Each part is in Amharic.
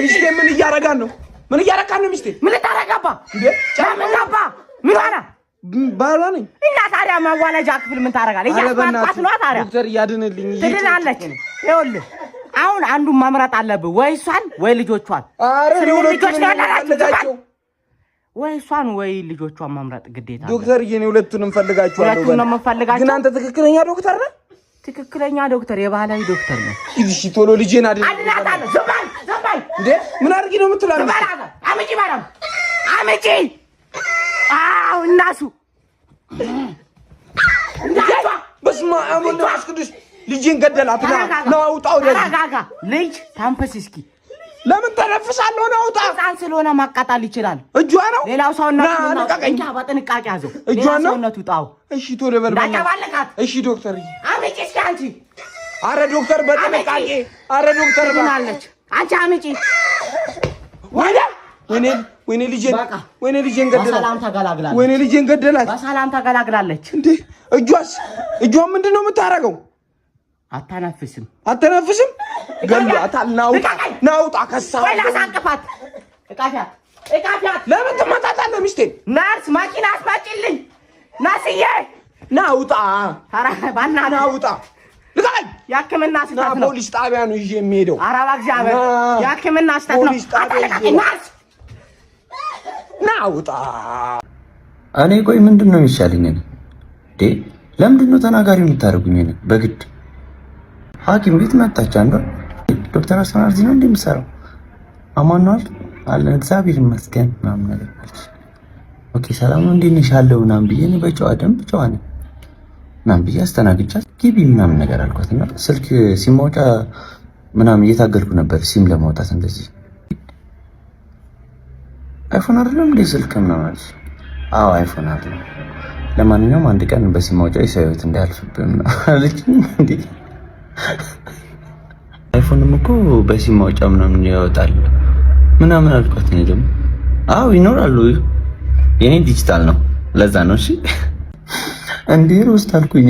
ሚስቴ ምን እያረጋን ነው? ምን እያረጋን ነው? ሚስቴ ምን ታረጋባ? ምን ገባ? ምን ሆነ? ባሏ ነኝ እና ታዲያ ማዋለጃ ክፍል ምን ታረጋለህ? እያስማርኳት ነው ታዲያ። ዶክተር እያድንልኝ ትድናለች። ይኸውልህ አሁን አንዱን መምረጥ አለብህ፣ ወይ እሷን ወይ ልጆቿን። ወይ እሷን ወይ ልጆቿን መምረጥ ግዴታ። ዶክተር እየኔ ሁለቱንም ፈልጋቸዋለሁ። ሁለቱን ነው ግን አንተ ትክክለኛ ዶክተር ነህ። ትክክለኛ ዶክተር የባህላዊ ዶክተር ነው። ቶሎ ልጄን አድናታለሁ። እንዴ ምን አድርጊ ነው የምትለው? አምጪ ማርያም አምጪ። አዎ እናሱ በስመ አብ ወወልድ ወመንፈስ ቅዱስ ልጅን ገደላት። ና ውጣ፣ ተረጋጋ። ልጅ ታንፈስ እስኪ። ለምን ተነፍሳለሁ? ነው ውጣ። ሕፃን ስለሆነ ማቃጣል ይችላል። እጇ ነው ሌላው ሰውነቱ ነው። በጥንቃቄ ያዘው። እጇ ነው ሰውነቱ። ጣው እሺ፣ ቶሎ በል ዳጫባለካት። እሺ ዶክተር፣ አምጪ እስኪ አንቺ። አረ ዶክተር፣ በጥንቃቄ አረ ዶክተር፣ ባለች አንቺ አምጪ። ወይኔ ወይኔ ወይኔ ልጄን ገደላት። በሰላም ተገላግላለች። እንዴ እጇስ እጇን ምንድን ነው የምታደርገው? አታነፍስም አታነፍስም። ገሏታል። ናውጣ ናውጣ። ከሳ ላሳቅፋት። እቃፊያት እቃፊያት። ለምን ትመጣታለህ? ሚስቴን ነርስ መኪና አስመጪልኝ። ናስዬ ናውጣ። ኧረ በእናትህ ናውጣ ልቀቀኝ። የሕክምና ስህተት ነው። ፖሊስ ጣቢያ ነው ይዤ የሚሄደው። ኧረ በእግዚአብሔር የሕክምና ስህተት ነው። ና ውጣ። እኔ ቆይ ምንድን ነው የሚሻለኝ? እንዴ ለምንድን ነው ተናጋሪ የምታደርጉኝ? በግድ ሐኪም ቤት መጣች አንዷ ዶክተር አስማር እዚህ ነው የምትሰራው? አማኗል አለ እግዚአብሔር ይመስገን ምናምን ነገር አለች። ኦኬ ሰላም ምናምን ብዬ በጨዋ ደንብ ጨዋ ምናምን ብዬ አስተናግጃት ጊቢ ምናምን ነገር አልኳት እና ስልክ ሲም ማውጫ ምናምን እየታገልኩ ነበር ሲም ለማውጣት እንደዚህ አይፎን አይደለም እንዴ ስልክ ምናምን አለች። አዎ አይፎን አይደለም። ለማንኛውም አንድ ቀን በሲም ማውጫ የሰው ሕይወት እንዳያልፍብን አለች። እንዴ አይፎንም እኮ በሲም ማውጫ ምናምን ያወጣል ምናምን አልኳት። እኔ ደግሞ አዎ ይኖራሉ፣ የኔ ዲጂታል ነው፣ ለዛ ነው እሺ እንዴ ሮስት አልኩኝ።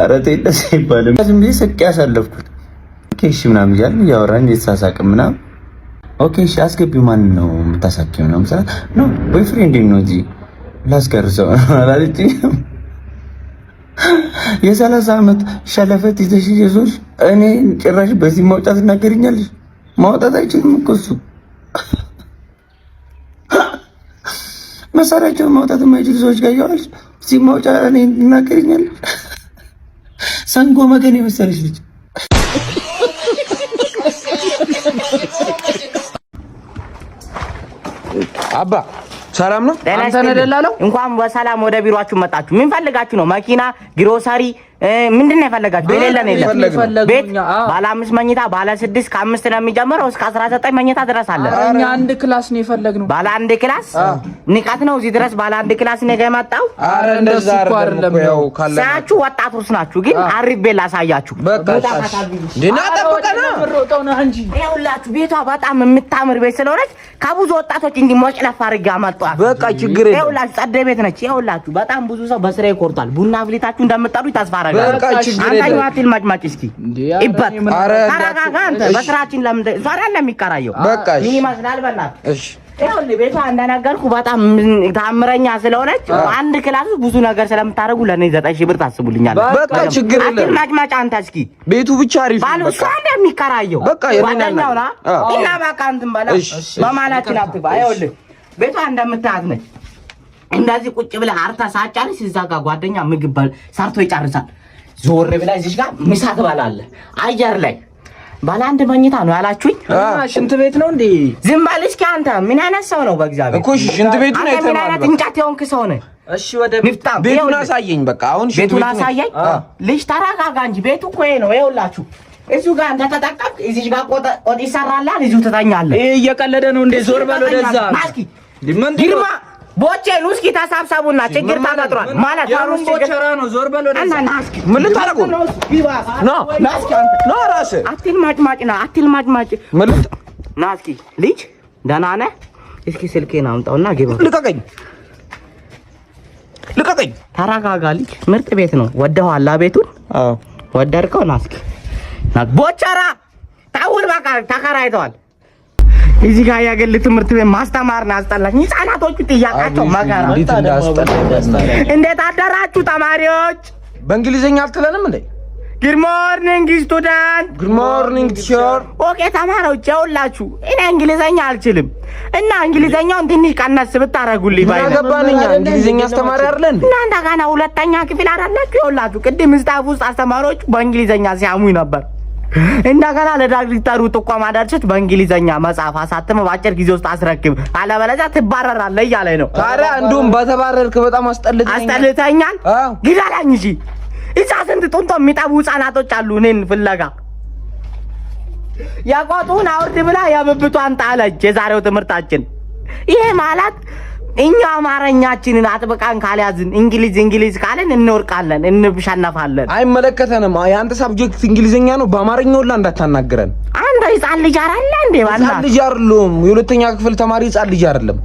ኧረ ተይ እንደዚያ አይባልም። ዝም ብዬ ስቄ ያሳለፍኩት። ኦኬ እሺ ምናምን እያልን እያወራን እየተሳሳቅን ምናምን ኦኬ እሺ አስገቢው ማን ነው የምታሳኪው ምናምን ኖ ነው ፍሬንድ ነው እንጂ ላስገርሰው አላለችኝም። የሰላሳ ዓመት ሸለፈት ይዘሽ ኢየሱስ እኔ ጭራሽ በዚህ ማውጣት እናገርኛለሽ። ማውጣት አይችልም እኮ እሱ መሳሪያቸውን ማውጣት የማይችሉ ሰዎች ጋር እያዋልሽ እዚህ ማውጫ እኔ ይናገርኛል። ሰንጎ መገን የመሰለች ልጅ አባ ሰላም ነው። አንተ ነደላ እንኳን በሰላም ወደ ቢሮአችሁ መጣችሁ። ምን ፈልጋችሁ ነው? መኪና ግሮሰሪ ምንድን ነው የፈለጋችሁ? ነው የለም ቤት ባለ አምስት መኝታ ባለ ስድስት ከአምስት ነው የሚጀምረው እስከ አስራ ዘጠኝ መኝታ ድረስ አለ። አንድ ክላስ ነው የፈለግነው። ባለ አንድ ክላስ ንቀት ነው። እዚህ ድረስ ባለ አንድ ክላስ ነገ የመጣው ሳያችሁ፣ ወጣቶች ናችሁ። ግን አሪቤ ላሳያችሁ። ሁላችሁ ቤቷ በጣም የምታምር ቤት ስለሆነች ከብዙ ወጣቶች እንዲህ ሞጭለፍ አድርጌ አመጣኋት። በቃ ችግር የለም። ሁላችሁ ጸደ ቤት ነች። ሁላችሁ በጣም ብዙ ሰው በስራ ይኮርቷል። ቡና አፍሊታችሁ እንደምጠሩ ተስፋ በቃ ችግር የለም። ቤቷ እንደነገርኩህ በጣም ታምረኛ ስለሆነች አንድ ክላስ ብዙ ነገር ስለምታደርጉ ለእኔ ዘጠኝ ሺህ ብር ታስቡልኛል። በቃ ችግር የለም። ማጭማጫ አንተ እስኪ ቤቱ ብቻ አሪፍ ነው። እሷ እንደሚከራየው በቃ ጓደኛው ና እና በቃ እንትን በላ በማላችን አትግባ። ይኸውልህ ቤቷ እንደምታያት ነች እንደዚህ ቁጭ ብለህ አርታ ሳትጨርስ እዛ ጋር ጓደኛ ምግብ ሰርቶ ይጨርሳል። ዞር ብለህ እዚህ ጋር ምሳ ትበላለህ። አየር ላይ ባለ አንድ መኝታ ነው ያላችሁኝ። ሽንት ቤት ነው እንዴ? ዝም በል እስኪ አንተ። ምን አይነት ሰው ነው? በእግዚአብሔር እኮ ሽንት ቤቱ ነው የተባለው። ምን አይነት እንጨት የሆንክ ሰው ነህ? እሺ ወደ ቤቱን አሳየኝ። በቃ አሁን ሽንት ቤቱን አሳየኝ። ልጅ ተረጋጋ እንጂ ቤቱ እኮ ይሄ ነው። ይኸውላችሁ እዚሁ ጋር እንደተጠቀምክ እዚህ ጋር ቆጥ ቆጥ ይሰራላል። እዚሁ ትተኛለህ። እየቀለደ ነው እንዴ? ዞር በል ወደዛ ማስኪ ግርማ ቦቼ እስኪ ተሳብሰቡና ችግር ተፈጥሯል ማለት ነው። ዞር ምን ልታረጉ ነው? እራስህ አትልማጭማጭ ነው። አትልማጭማጭ ና እስኪ ልጅ ደህና ነህ? እስኪ ስልኬን አምጣውና ግባ። ልቀቀኝ፣ ልቀቀኝ። ተረጋጋ ልጅ። ምርጥ ቤት ነው። ወደኋላ ቤቱን አዎ፣ ወደድከው። ና እስኪ ቦቸራ ታውል በቃ ተከራይተዋል። እዚህ ጋር ያገል ትምህርት ቤት ማስተማር አስጠላኝ። ህጻናቶቹ ጥያቄያቸው መከራ። እንዴት አደራችሁ ተማሪዎች? በእንግሊዝኛ አትለንም እንዴ? ጉድ ሞርኒንግ ስቱዳንት፣ ጉድ ሞርኒንግ ቲቸር። ኦኬ ተማሪዎች ያውላችሁ፣ እኔ እንግሊዘኛ አልችልም እና እንግሊዘኛውን ትንሽ ቀነስ ብታረጉልኝ ባይ ገባንኛ እንግሊዘኛ አስተማሪ አይደለ እናንተ? ገና ሁለተኛ ክፍል አይደላችሁ? ያውላችሁ ቅድም ስታፍ ውስጥ አስተማሪዎቹ በእንግሊዘኛ ሲያሙኝ ነበር። እንደገና ለዳግሊት ጠሩ ጥቆማ ደርሰች በእንግሊዘኛ መጽሐፍ አሳትመ በአጭር ጊዜ ውስጥ አስረክብ፣ አለበለዚያ ትባረራለህ እያለኝ ነው። ታዲያ እንዲሁም በተባረርክ በጣም አስጠልተኛል። ግዳላኝ እንጂ እዛ ስንት ጡንቶ የሚጠቡ ህጻናቶች አሉ እኔን ፍለጋ። የቆጡን አውርድ ብላ የብብቷን ጣለች። የዛሬው ትምህርታችን ይሄ ማለት እኛ አማርኛችንን አጥብቃን ካልያዝን እንግሊዝ እንግሊዝ ካለን እንወርቃለን፣ እንሸነፋለን። አይመለከተንም። የአንተ ሳብጀክት እንግሊዝኛ ነው። በአማርኛ ሁላ እንዳታናግረን። አንተ ህጻን ልጅ አለ እንዴ? ህጻን ልጅ አይደለም፣ የሁለተኛ ክፍል ተማሪ ህጻን ልጅ አይደለም።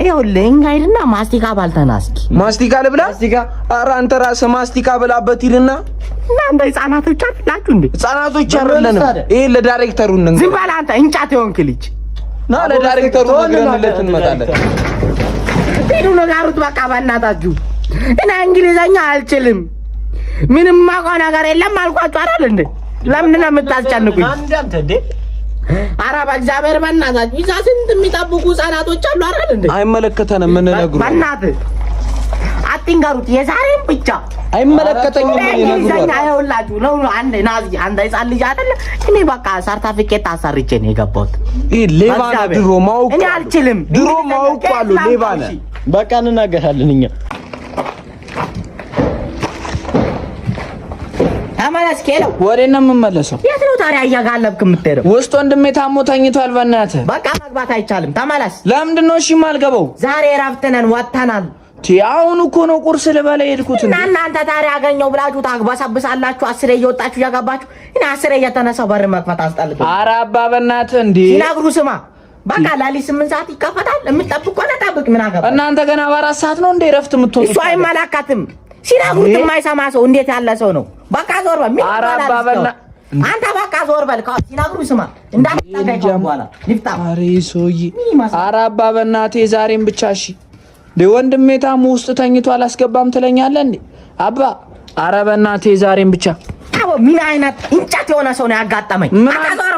ይኸውልህ እኛ ሂድና ማስቲካ ባልተና እስኪ ማስቲካ ልብላ። ማስቲካ ኧረ አንተ ራስህ ማስቲካ ብላበት ይልና እናንተ ህፃናቶች አላችሁ እንዴ? ህፃናቶች አይደለንም። ይሄ ለዳይሬክተሩ እንንገር። ዝም በል አንተ እንጫት የሆንክ ልጅ ና፣ ለዳይሬክተሩ ነግረንለት እንመጣለን። ነው ንገሩት በቃ በእናታችሁ። እና እንግሊዘኛ አልችልም፣ ምንም ማውቀው ነገር የለም አልኳችሁ አይደል እንዴ? ለምንድን ነው የምታስጨንቁኝ? ኧረ በእግዚአብሔር በእናታችሁ ይዛ ስንት የሚጠብቁ ህጻናቶች አሉ አይደል እንዴ? አይመለከተንም ነግሩ በእናትህ አትንገሩት፣ የዛሬም ብቻ አይመለከተኝም። እንግሊዘኛ ይኸውላችሁ ነው አንዴ ናዚ አንድ ህጻን ልጅ አይደለ እኔ በቃ ሰርተፊኬት አሰርቼ ነው የገባሁት። ይሄ ሌባ ነው። ድሮ ማውቅ እኔ አልችልም። ድሮ ማውቅ አሉ ሌባ ነው በቃ እንናገራለን እኛ ተመለስ ከለው ወዴት ነው የምመለሰው? የት ነው ታዲያ እያጋለብክ የምትሄደው? ውስጥ ወንድሜ ታሞ ተኝቷል። በእናትህ በቃ መግባት አይቻልም። ተመለስ። ለምንድን ነው እሺ የማልገባው? ዛሬ እረፍት ነን፣ ወጥተናል። አሁን እኮ ነው ቁርስ ልበላ የሄድኩት። እና እናንተ ታዲያ ያገኘው ብላችሁ ታግባሳብሳላችሁ። አስሬ እየወጣችሁ እያገባችሁ፣ እኔ አስሬ እየተነሳው በር መክፈት አስጠልቶ። ኧረ አባ በእናትህ እንዴ! ሲነግሩ ስማ በቃ ሌሊት ስምንት ሰዓት ይከፈታል። የምትጠብቅ ከሆነ ጠብቅ። ምን አገባ? እናንተ። ገና በአራት ሰዓት ነው እንደ እረፍት የምትወጡት። እሱ አይመለከትም። ሲነግሩት የማይሰማ ሰው እንዴት ያለ ሰው ነው? በቃ ዞር በል አንተ። በቃ ዞር በል ሲነግሩህ ስማ። አራባ በእናትህ ዛሬም ብቻ እሺ። ወንድሜ ታሙ ውስጥ ተኝቶ አላስገባም ትለኛለህ እንዴ አባ? አረ በእናትህ ዛሬም ብቻ። ምን አይነት እንጨት የሆነ ሰው ነው ያጋጠመኝ።